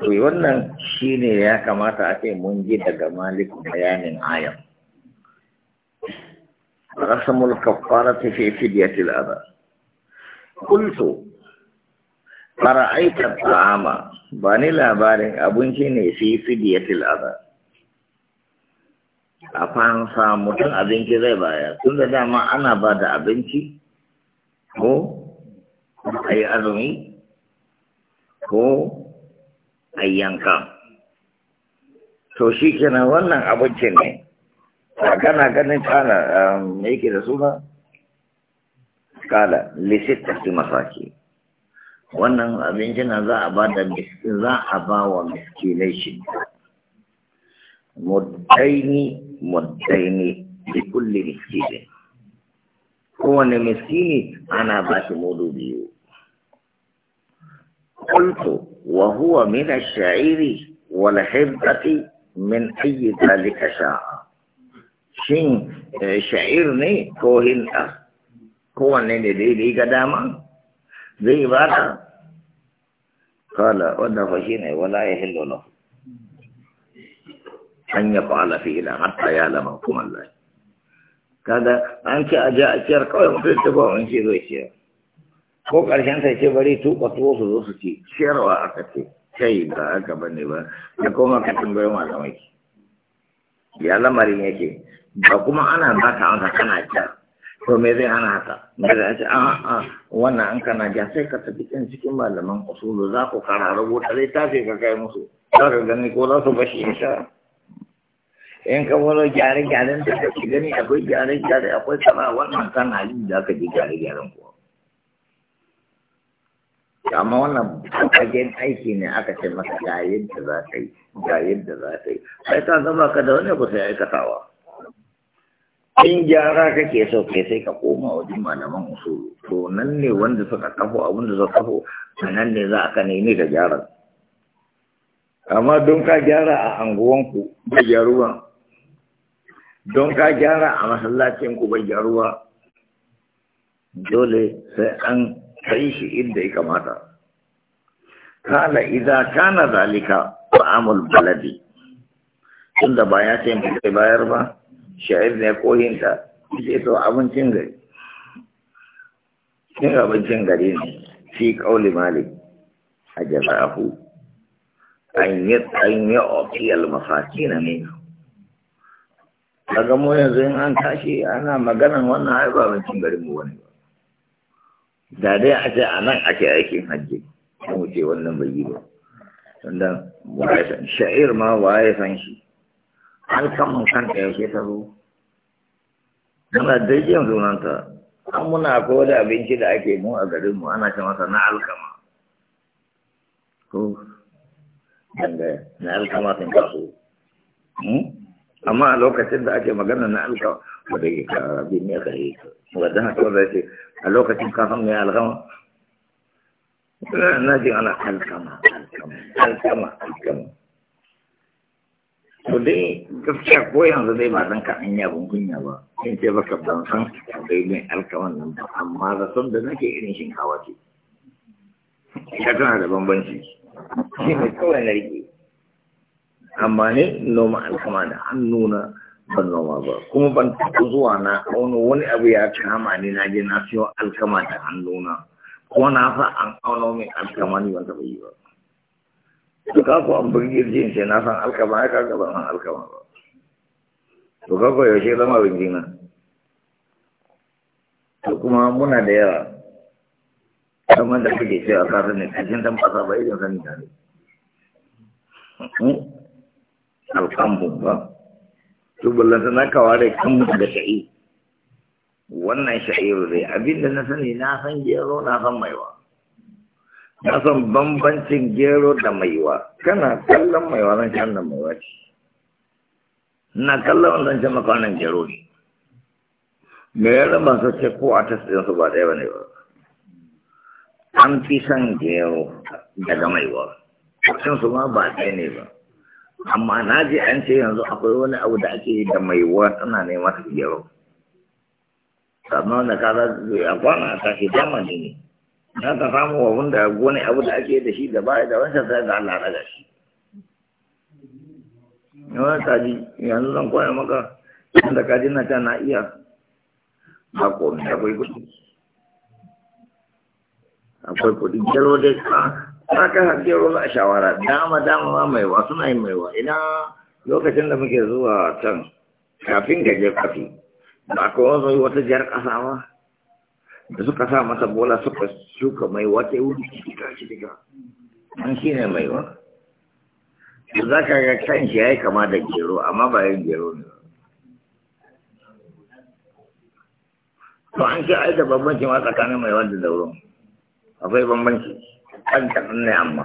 to wannan shine ya kamata a ce mun ji daga malik bayanin ayam rasamul kaffarati fi fidyatil adha qultu fara'aita ta'ama ba ni labarin abinci ne fi fidyatil adha a fansa mutum abinci zai baya tun da dama ana ba da abinci ko a yi azumi ko ayyanka to shi kenan wannan abinci ne kana ganin tana um, me yake da suna kala lisitta su masaki wannan na za a ba da za a ba wa miskinai shi muddaini muddaini da kulle miskini kowane miskini ana ba shi mudu biyu kulto وهو من الشعير والحبة من أي ذلك شاء شين شعيرني كوهن أه كوهن نيني دي دي قداما زي بارا قال ودف شين ولا يهل له أن يفعل فيه لا حتى يعلم حكم الله كذا أنت أجاء الشرق ويقول تبعون شيء ويشير ko ƙarshen sai ce bari tuƙa tuwo su zo su ci shiyarwa aka ce kai ba aka bane ba ya koma ka tambayi malamai ya lamarin yake ba kuma ana ba ka amsa kana ja to me zai hana haka me zai ce a a wannan an kana ja sai ka tafi kan cikin malaman usulu za ku kara rubuta tafi ka kai musu za ka gani ko za su bashi insha in ka wani gyare-gyaren da ci gani akwai gyare-gyare akwai sana wannan kana yi da aka ji gyare-gyaren kuwa amma wannan fagen aiki ne aka ce masa ga yadda za ka yi ga yadda za ka yi sai ka zama ka da wani ya yi aikatawa in gyara kake so kai sai ka koma wajen malaman usulu to nan ne wanda suka kafo abin da suka kafo a nan ne za a ka nemi ka gyara amma don ka gyara a anguwanku bai gyaru ba don ka gyara a masallacinku bai gyaru ba dole sai an kai shi inda ya kamata kala iza kana zalika ta'amul baladi tunda ba ya ce mai bayar ba sha'ir ne kohinta ce to abincin gari cin abincin gari ne fi kauli malik a jazafu, an yi an yi na ne daga mu yanzu in an tashi ana maganan wannan haifar abincin garin mu wani ba da dai a ce a nan ake aikin hajji an wuce wannan bai yi ba wanda sha'ir ma ya san shi an kamun kanta yake ta zo muna daijiyar sunanta an muna ko da abinci da ake mu a garinmu ana ce masa na alkama ko dangaya na alkama sun kaso hmm? amma a lokacin da ake magana na alkama da ke kara bin ya kare ka wadda haka wadda ce a lokacin kafin mai alkama na jin ana alkama alkama alkama alkama to dai gaskiya ko yanzu dai ba zan ka an yi abin kunya ba in ce baka ban san dai mai alkaman nan ba amma da son da nake irin shinkawa ce ya tana da bambanci shi ne kawai na rike amma ne noma alkama da na ban noma ba kuma ban taɓa zuwa na auna wani abu ya kama ni na je na siyo alkama da hannuna ko na sa an auna min alkama ni ban taɓa yi ba to ka ko an burgir jin sai na san alkama ya kaga ban san alkama ba to ka ko yaushe zama bin na to kuma muna da yawa kuma da kuke cewa ka sani cikin dan fasa ba irin sani da ne hmm? alkambun ba to ballanta na kaware kan daga sha'i wannan sha'iru ne abinda na sani na san gero na san maiwa na san bambancin gero da maiwa kana kallon maiwa nan can nan maiwa ce na kallon wannan can maka gero ne me ya raba su ce ko a tasirin su ba ɗaya ba ne ba an fi san gero daga maiwa cin su ma ba ɗaya ne ba amma na ji an ce yanzu akwai wani abu da ake yi da mai wa tana nema su gero sannan da ka za su a kwana a shi zamani ne na ta samu wa wanda wani abu da ake da shi da ba da wancan sai da Allah raga shi yawan kaji yanzu zan koya maka da kaji na ta na iya ba komi akwai kudi akwai kudi gero dai ka haka hajjero a shawara dama dama ma maiwa suna yin maiwa ina lokacin da muke zuwa can kafin je kafi ba ko wanzu yi wata jihar ƙasa ba da suka sa masa bola suka shuka mai wata yi ta shiga shiga an shi ne maiwa za ka ga kan shi ya yi kama da gero amma ba yin gero ne to an ce aida bambanci ma tsakanin mai wanda dauro akwai bambanci ɗan ne amma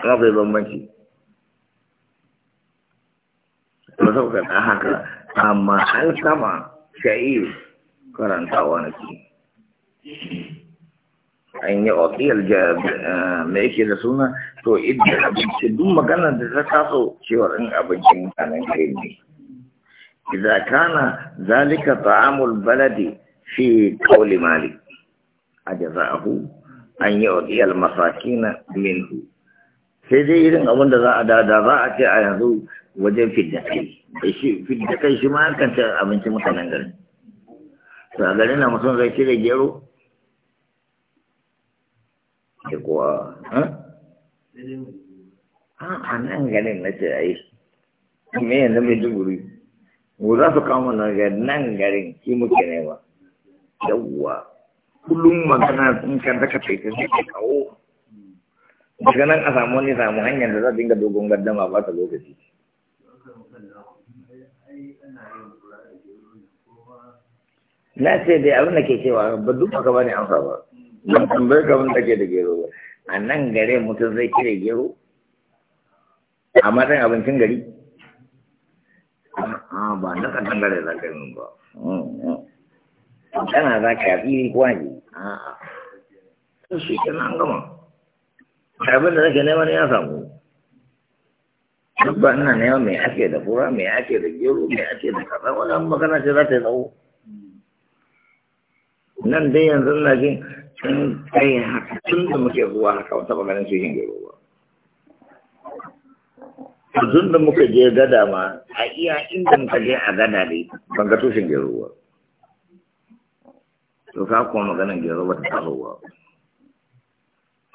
kuma bai bambanci ba sau ka haka amma an sama sha'ir karanta na ke an yi otiyar eh, mai yake da suna to idan abinci duk maganar da ta kaso cewar in abincin mutanen kai ne idan kana zalika ta ta'amul baladi fi kauli mali a jaza'ahu an yi wa odiyar masakina minhu sai dai irin abin da za a dada za a ce a yanzu wajen fiddakai fiddakai shi ma kan ta abinci mutanen gari to a garin nan mutum zai cire gero ke kuwa eh? a nan garin na ce a yi me yanzu mai duburi ko za su kama nan garin shi muke ne ba yawwa kullum magana in kan zaka taita sai kawo daga nan a samu wani samu hanyar da za dinga dogon gaddama ba ta lokaci na ce dai abin da ke cewa ba duk baka bane amsa ba ban tambayar ka abin da ke da gero ba a nan gare mutum zai kire gero a matsayin abincin gari a ba na kan gare za ka yi ba mm, mm. kana za ka yafi kwaji a su ke nan gama abin da zaka neman ya samu dabba ina neman mai ake da kura mai ake da gero mai ake da kaza wannan magana ce za ta yi tsawo nan dai yanzu na jin sun kai haka tun da muke zuwa haka wata maganin su yin gero ba tun da muka je gada ma a iya inda muka je a gada dai ban ga tushen gero ba to ka kuma maganin gero ba ta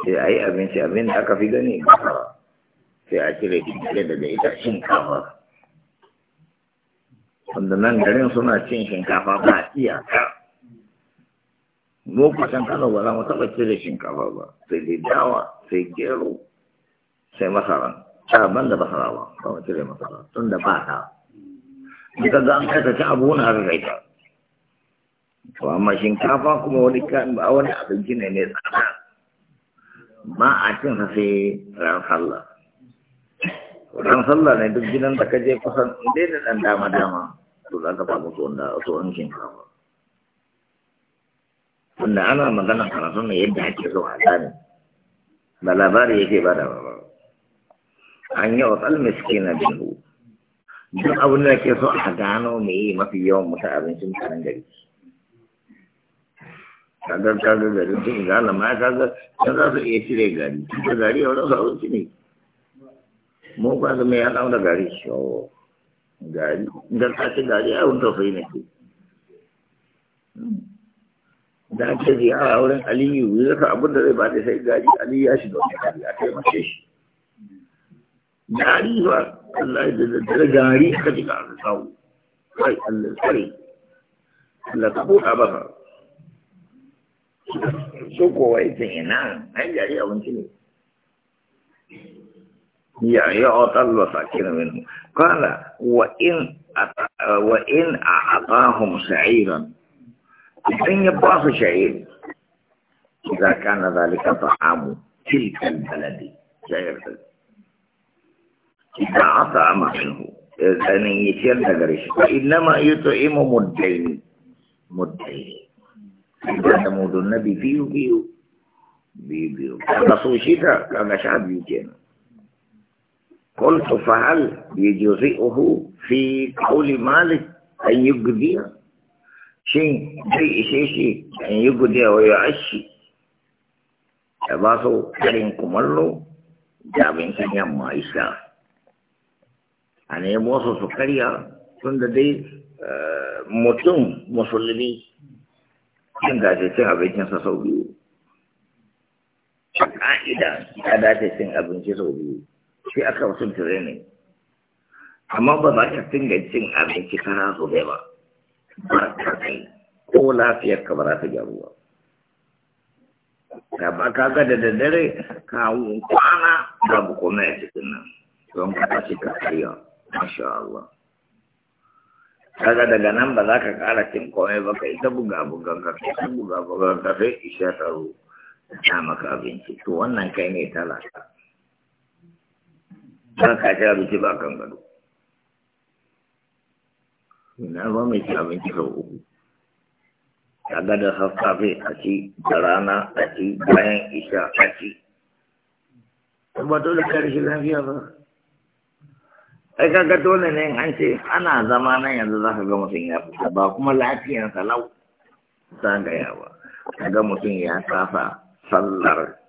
sai a yi abinci abin da aka fi gani ba sai a cire cikin da ita shinkafa wanda nan garin suna cin shinkafa ba iyaka mu kusan kano ba za mu taɓa cire shinkafa ba sai dai dawa sai gero sai masara ta ban da masara ba ba mu cire masara tun da ba ta ita za ga an kai ta ci abu na har kai to amma shinkafa kuma wani wani abinci ne mai tsada ba a cin sa ran sallah ran sallah ne duk gidan da ka je kusan inda da dan dama dama to za ka samu wanda da tuwon shinkafa wanda ana magana karatu ne yadda ake so a gane ba labari yake ba da ba an yi wa tsalmiski na bihu duk abin da ke so a gano mai mafi yawan mutu abincin mutanen gari kagar kaga garin sun ga alama kaga sun za su iya cire gari da gari ya wani sauransu ne mu ba su mai haɗa da gari shawo gari da ta gari a wani tafai na ke da ake ziyara wurin aliyu ya zaka abin da zai ba da sai gari aliyu ya shiga wani gari a taimake shi gari ba Allah da daddare gari aka ji ka aka kawo kai Allah tsare Allah ka buɗa baka su kowa ita ina ai jari abinci ne ya ya otallo sakin min kala wa in wa in a'atahum sha'iran idan ya ba su sha'ir idza kana zalika ta'amu tilka albaladi sha'ir idza ata minhu idan yitiyar da gare shi inma yut'imu muddaini muddaini da mudun na biyu biyu biyu biyu kaga so shida kaga sha قلت فهل يجزئه في قول مالك أن يقضي شيء شيء شيء شيء أن يقضي ويعشي فباسو كرين كمالو جابين سنيام ما إسا أنا يموسو سكريا كنت دي مطلوم مسلمي cin dace cin abincinsa sau biyu a ka'ida ya dace cin abinci sau biyu shi aka wasu ne. amma ba za ka dinga cin abinci kana so bai ba ba ka kai ko lafiyar ka ba za ta gyaru ba ka ba ka ga da daddare ka kwana babu komai a cikin nan don ka tashi ka karya masha Allah kaga daga nan ba za ka kara cin komai ba ka ita buga bugan ka ka ita buga bugan ka sai taro ta maka abinci to wannan kai ne talaka ba ka ci abinci ba kan gado ina ba mai ci abinci sau uku kaga da sassafe a ci da rana a ci bayan isha a ci ba dole karshe lafiya ba ka ga dole ne an ce ana zama nan yanzu za ka ga mutum ya fita ba kuma lafiyansa lau zagaya ba kaga mutum ya kafa sallar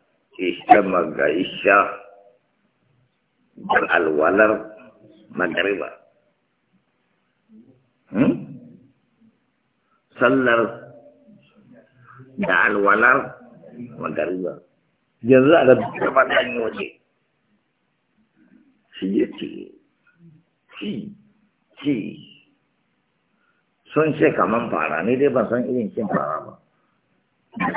isha maga isha bar alwalar magariba hmm? sallar da alwalar magariba yanzu a da gaba ɗan yi waje shi yake ci ci sun ce kaman fara ne dai ban san irin cin fara ba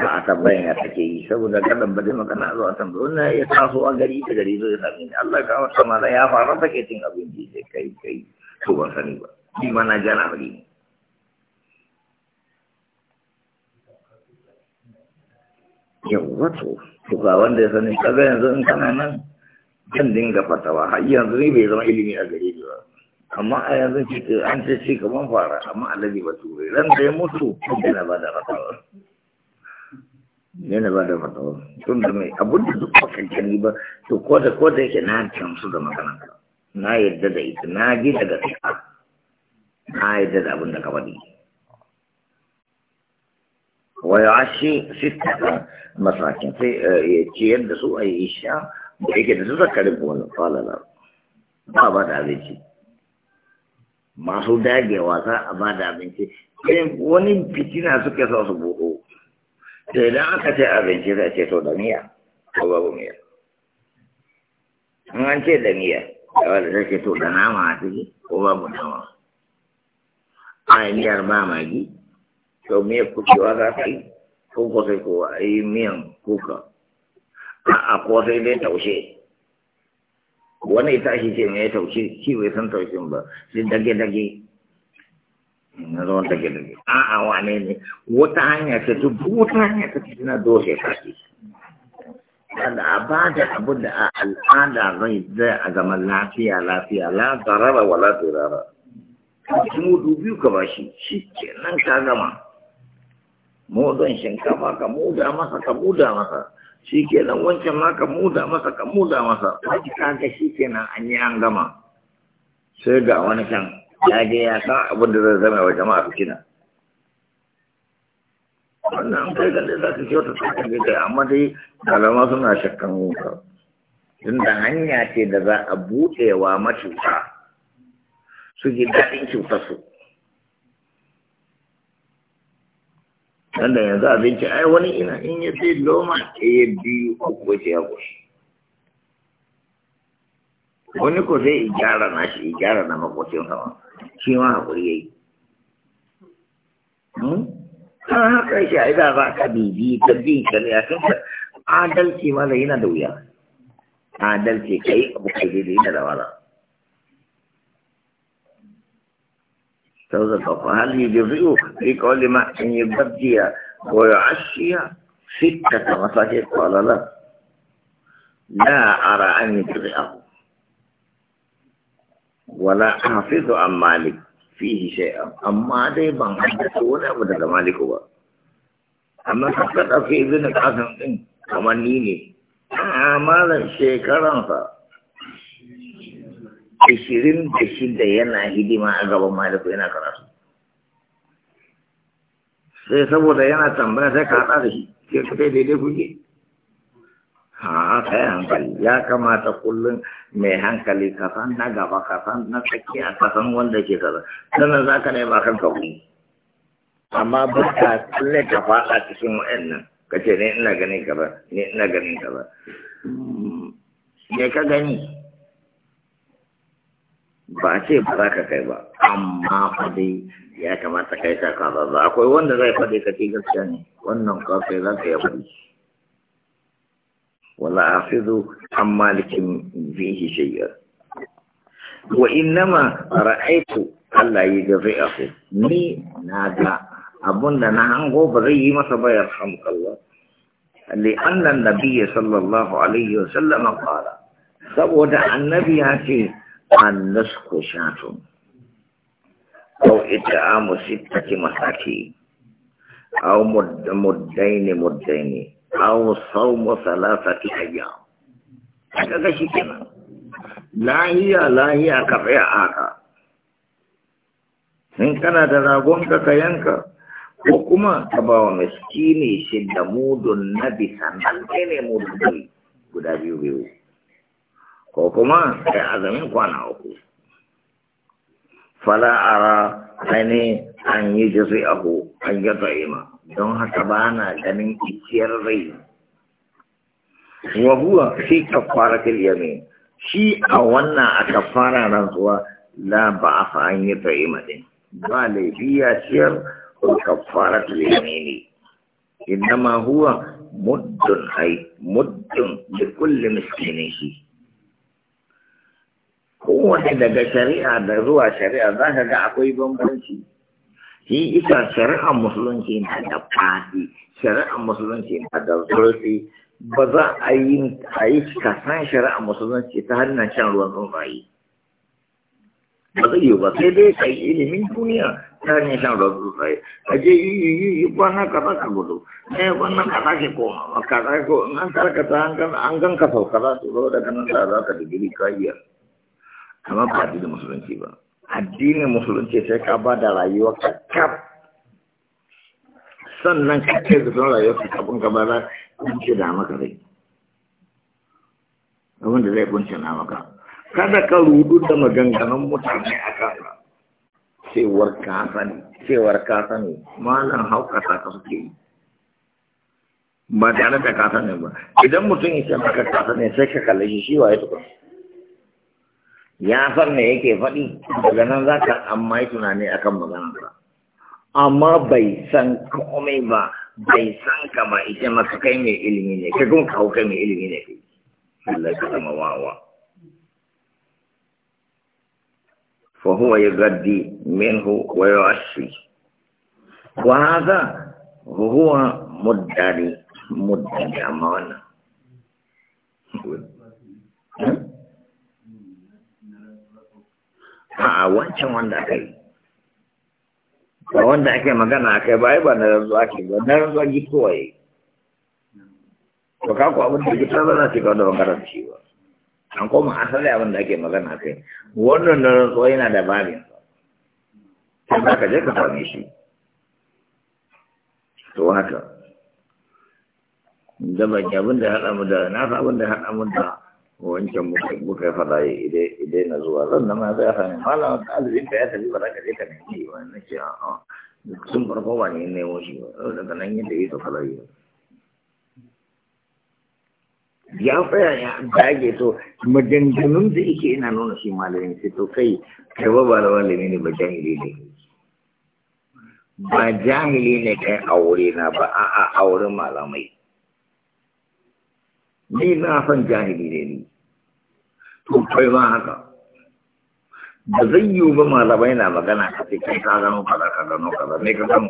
ba a tabbayin ya take yi saboda kadan ba dai magana zuwa tambayi wannan ya taso a gari ta gari zo ya sami ni Allah ka wata mala ya fara take cin abinci sai kai kai to ban sani ba ni ma na jana bari ne yawwa to to ga wanda ya sani kaga yanzu in kana nan zan dinga fatawa har yanzu ne bai zama ilimi a gare ni ba amma a yanzu ce an ce shi kaman fara amma alaji ba ture ran da ya mutu yana ba da fatawa yana ba da fatawa tun da mai abin da duk baka ba to na da na da ita na ji daga na da masakin sai eh, su a yi isha da yake da su zakarin wani falala ba ba da abinci masu dagewa za a ba da abinci sai wani fitina suke sa su buɗo da idan aka ce abinci za a ce to da miya ko babu miya in an ce da miya yawa da ce to da nama a ciki ko babu nama a miyar ba magi to miyar kukewa za ka yi ko ko sai ko a yi miyan kuka a'a ko sai dai taushe wani ita shi ce ya taushe shi bai san taushen ba sai dage-dage na zo dage-dage a'a wane ne wata hanya ce ta wata hanya ta ce na dole kashi kada a ba da abu da a al'ada zai zai a zama lafiya lafiya la zarara wa la durara mudu biyu ka ba shi shi ke nan ka gama mudon shinkafa ka muda masa ka muda masa shi kenan wancan ma ka muda masa ka muda masa wani kaga shi kenan an yi an gama sai ga wani can ya ga ya san abin da zai zama wa jama'a kina wannan an kai ganin za ka ce wata tsakin kai amma dai kalama suna shakkan wuta tun da hanya ce da za a buɗewa macuta su ji daɗin su. dan da yanzu abinci ai wani ina in ya fi loma ɗaya biyu uku ce ya goshi wani ko sai gyara na shi gyara na makocin sama shi ma haƙuri ya yi hmm? har haka shi a idan za ka bibi ta bi ka ne a kan adalci ma da yana da wuya adalci ka yi abu kai daidai yana da wala sau da kafa hali da riyo في قول ما أن يبدي ويعشي ستة مساجد قال لا لا أرى أن يبدعه ولا أحفظ عن مالك فيه شيئا أما دي بان حدثون أبدا مالك هو أما فقط في ابن القاسم كما نيني أعمال شيكرا عشرين تشد ينا هدي ما أقبل مالك وينا كراسو sai eh, saboda yana tambaya sai ka da shi ke ka sai daidai kuke ha kai hankali ya kamata kullum mai hankali ka san na gaba ka san na tsakiya ka san wanda ke kaza sannan za ka nema kanka wuri amma ba ka tsalle ka faɗa cikin wa'annan ka ce ne ina ganin ka ba ne ina ganin ka ba mm. me ka gani ba a ce ba za ka kai ba amma fadi ya kamata kai ta kaza ba akwai wanda zai fadi ka gaskiya ne wannan kafa za ka yi fadi wala afidu an malikin fihi shay'a wa innama ra'aitu Allah yi ku. ni na ga abunda na hango ba zai yi masa ba yarhamukallah li anna sallallahu alaihi wa qala saboda annabi ya ce an nasko shatun au ita amu sittati masaki au muddaini muddaini au sau masalatati hayya daga shi kenan lahiya lahiya ka faya aka in kana da ragonka ka yanka ko kuma ka ba wa miskini shi da mudun na bisa ne guda biyu biyu ko kuma kai azumin kwana uku fala ara ani an yi jisi ahu an yi ta'ima don haka ba na ganin ikiyar rai wa huwa fi kafaratil yamin shi a wannan a kafara rantsuwa la ba a an yi ta'ima din ba laifi ciyar ko kafaratul ne inama huwa muddun ai muddun da kullum miskinin shi kowane daga shari'a da zuwa shari'a za ka ga akwai bambanci shi isa shari'a musulunci na da fadi shari'a musulunci na da zurfi ba za a yi a yi kasan shari'a musulunci ta hannun shan ruwan tsuntsaye ba zai yi ba sai dai kai ilimin duniya ta hanyar shan ruwan tsuntsaye a je yi yi yi yi kwana ka ka gudu ne wannan ka za ki koma ka za ki koma an karkata an gan ka sauka za su zo daga nan za ka digiri ka iya kama ba addinin musulunci ba addinin musulunci sai ka ba da rayuwa ka kaf sannan ka ce da son rayuwa ka kafin ka ba kunce da maka rai abin da zai kunce na maka kada ka rudu da maganganun mutane a kasa cewar ka sani cewar ka sani malam haukata ka suke yi ba tare da ka sani ba idan mutum ya ce maka ka sani sai ka kalle shi shi waye tukun ya san me yake faɗi daga nan za ka amma yi tunani akan maganarsa amma bai san komai ba bai san ka ba ita maka kai mai ilimi ne kai kuma kawo kai mai ilimi ne kai Allah ka zama wawa fa huwa yugaddi minhu wa yu'assi wa hadha huwa muddari muddari amma wannan hmm? a wancan wanda aka yi ba wanda ake magana a kai ba ba na ranzu ake ba na ranzu ake kowaye to ka ku abin da ke tsara na ce ga wanda bangaren shi ba an koma asali abin da ake magana a kai wannan na ranzu yana da babin sai ba ka je ka fara shi to haka da baki abin da haɗa mu da na abin da haɗa mu da wancan muka faɗa idai na zuwa zan ma zai fahimta malam ɗalibin ka ya tafi ba kare ka na ka nemi wani na ce a sun farko ba ne nemo wasu ba daga nan yadda ya tafi rayu ya faya ya dage to maganganun da yake ina nuna shi malamin sai to kai kai ba ba da malami ne ba jahili ne ba jahili ne kai aure na ba a'a aure malamai ni na san jahili ne ni to kai ma haka ba zai yiwu ba malamai na magana ka ce kai ka gano kaza ka gano kaza me ka samu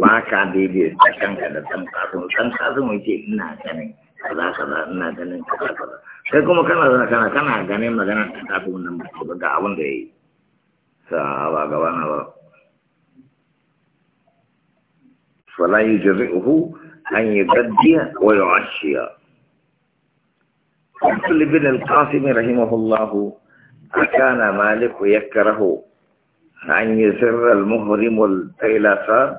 ba ka daidai da kanka da ɗan kasu ɗan kasu mai ce ina ganin kaza kaza ina ganin kaza kaza kai kuma kana zana kana kana ganin magana ta kasu wannan ba ga abin da ya yi sa ba gaba na ba fala yujri'uhu أن يبدي ويعشي قتل ابن القاسم رحمه الله أكان مالك يكره أن يسر المهرم الفيلسة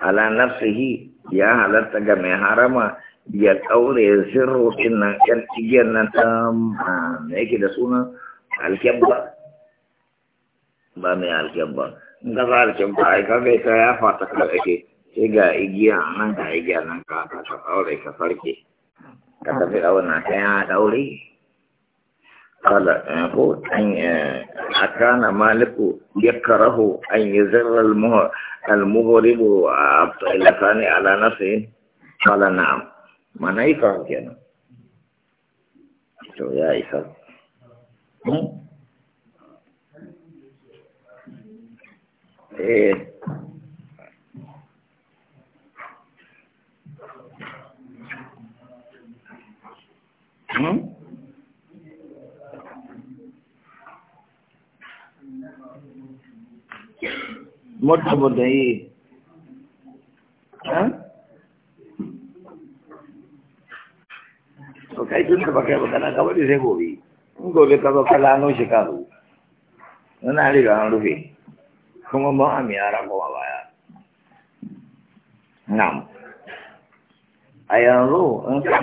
على نفسه يا هل تجمع حرم يا أول يسر إن كان إجينا تام هيك ده سونا الكبة بامي الكبة نظر الكبة هيك بيتها فاتك الأكيد sai ga igiya nan ga igiya nan ka ka ɗaure ka farke ka tafi ɗauna ka ya ɗaure kala eh, ko an eh, a kana maliku ya karahu an yi zirar almuhoribu a abdullakani ala nasirin kala na mana yi faru kenan to ya isa hmm? eh مرتب الدعيد ها to kai da baka magana ka bari sai gobe in gobe ka zo ka lano shi ka zo rufe kuma baya